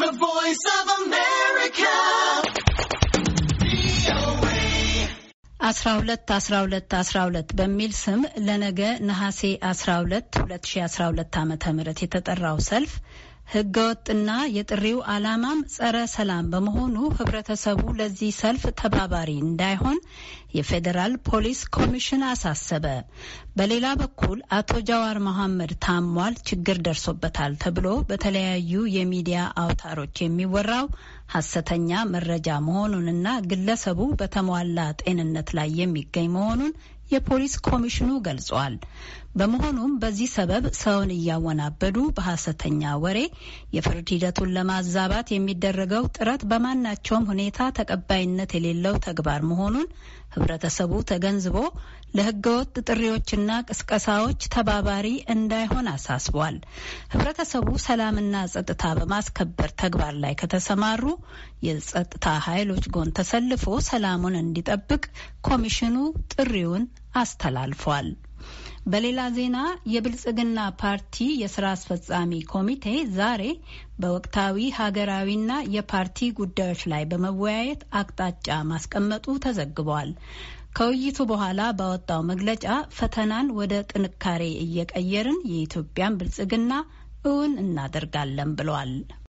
The Voice of America. አስራ ሁለት አስራ ሁለት አስራ ሁለት በሚል ስም ለነገ ነሐሴ አስራ ሁለት ሁለት ሺ አስራ ሁለት ዓመተ ምህረት የተጠራው ሰልፍ ህገወጥና የጥሪው ዓላማም ጸረ ሰላም በመሆኑ ህብረተሰቡ ለዚህ ሰልፍ ተባባሪ እንዳይሆን የፌዴራል ፖሊስ ኮሚሽን አሳሰበ። በሌላ በኩል አቶ ጃዋር መሐመድ ታሟል፣ ችግር ደርሶበታል ተብሎ በተለያዩ የሚዲያ አውታሮች የሚወራው ሐሰተኛ መረጃ መሆኑንና ግለሰቡ በተሟላ ጤንነት ላይ የሚገኝ መሆኑን የፖሊስ ኮሚሽኑ ገልጿል። በመሆኑም በዚህ ሰበብ ሰውን እያወናበዱ በሐሰተኛ ወሬ የፍርድ ሂደቱን ለማዛባት የሚደረገው ጥረት በማናቸውም ሁኔታ ተቀባይነት የሌለው ተግባር መሆኑን ህብረተሰቡ ተገንዝቦ ለህገወጥ ጥሪዎችና ቅስቀሳዎች ተባባሪ እንዳይሆን አሳስቧል። ህብረተሰቡ ሰላምና ጸጥታ በማስከበር ተግባር ላይ ከተሰማሩ የጸጥታ ኃይሎች ጎን ተሰልፎ ሰላሙን እንዲጠብቅ ኮሚሽኑ ጥሪውን አስተላልፏል። በሌላ ዜና የብልጽግና ፓርቲ የስራ አስፈጻሚ ኮሚቴ ዛሬ በወቅታዊ ሀገራዊና የፓርቲ ጉዳዮች ላይ በመወያየት አቅጣጫ ማስቀመጡ ተዘግቧል። ከውይይቱ በኋላ ባወጣው መግለጫ ፈተናን ወደ ጥንካሬ እየቀየርን የኢትዮጵያን ብልጽግና እውን እናደርጋለን ብሏል።